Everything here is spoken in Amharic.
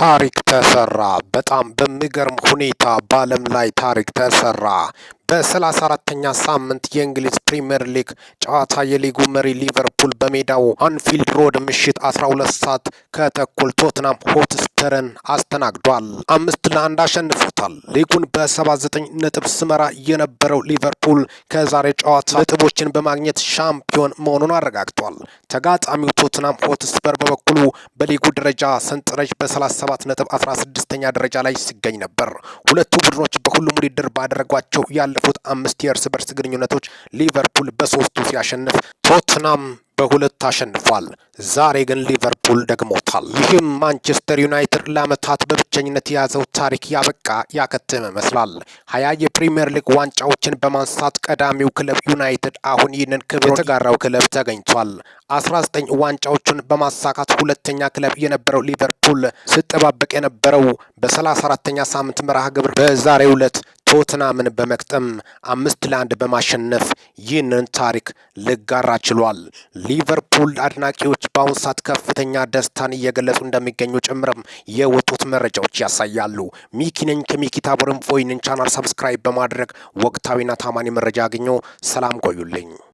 ታሪክ ተሰራ። በጣም በሚገርም ሁኔታ በዓለም ላይ ታሪክ ተሰራ። 34 ተኛ ሳምንት የእንግሊዝ ፕሪምየር ሊግ ጨዋታ የሊጉ መሪ ሊቨርፑል በሜዳው አንፊልድ ሮድ ምሽት 12 ሰዓት ከተኩል ቶትናም ሆትስፐርን አስተናግዷል። አምስት ለአንድ አሸንፎታል። ሊጉን በ79 ነጥብ ስመራ የነበረው ሊቨርፑል ከዛሬ ጨዋታ ነጥቦችን በማግኘት ሻምፒዮን መሆኑን አረጋግጧል። ተጋጣሚው ቶትናም ሆትስፐር በበኩሉ በሊጉ ደረጃ ሰንጠረዥ በ37 ነጥብ 16ኛ ደረጃ ላይ ሲገኝ ነበር። ሁለቱ ቡድኖች በሁሉም ውድድር ባደረጓቸው ያለ ባለፉት አምስት የእርስ በርስ ግንኙነቶች ሊቨርፑል በሶስቱ ሲያሸንፍ ቶትናም በሁለት አሸንፏል። ዛሬ ግን ሊቨርፑል ደግሞታል። ይህም ማንቸስተር ዩናይትድ ለአመታት በብቸኝነት የያዘው ታሪክ ያበቃ ያከተመ ይመስላል። ሀያ የፕሪምየር ሊግ ዋንጫዎችን በማንሳት ቀዳሚው ክለብ ዩናይትድ አሁን ይህንን ክብር የተጋራው ክለብ ተገኝቷል። አስራ ዘጠኝ ዋንጫዎቹን በማሳካት ሁለተኛ ክለብ የነበረው ሊቨርፑል ስጠባበቅ የነበረው በሰላሳ አራተኛ ሳምንት መርሃ ግብር በዛሬው ዕለት ቶትናምን በመቅጠም አምስት ለአንድ በማሸነፍ ይህንን ታሪክ ልጋራ ችሏል። ሊቨርፑል አድናቂዎች በአሁን ሰዓት ከፍተኛ ደስታን እየገለጹ እንደሚገኙ ጭምርም የወጡት መረጃዎች ያሳያሉ። ሚኪነኝ ከሚኪ ታቦር ኢንፎ ቻናል ሰብስክራይብ በማድረግ ወቅታዊና ታማኒ መረጃ አግኘ። ሰላም ቆዩልኝ።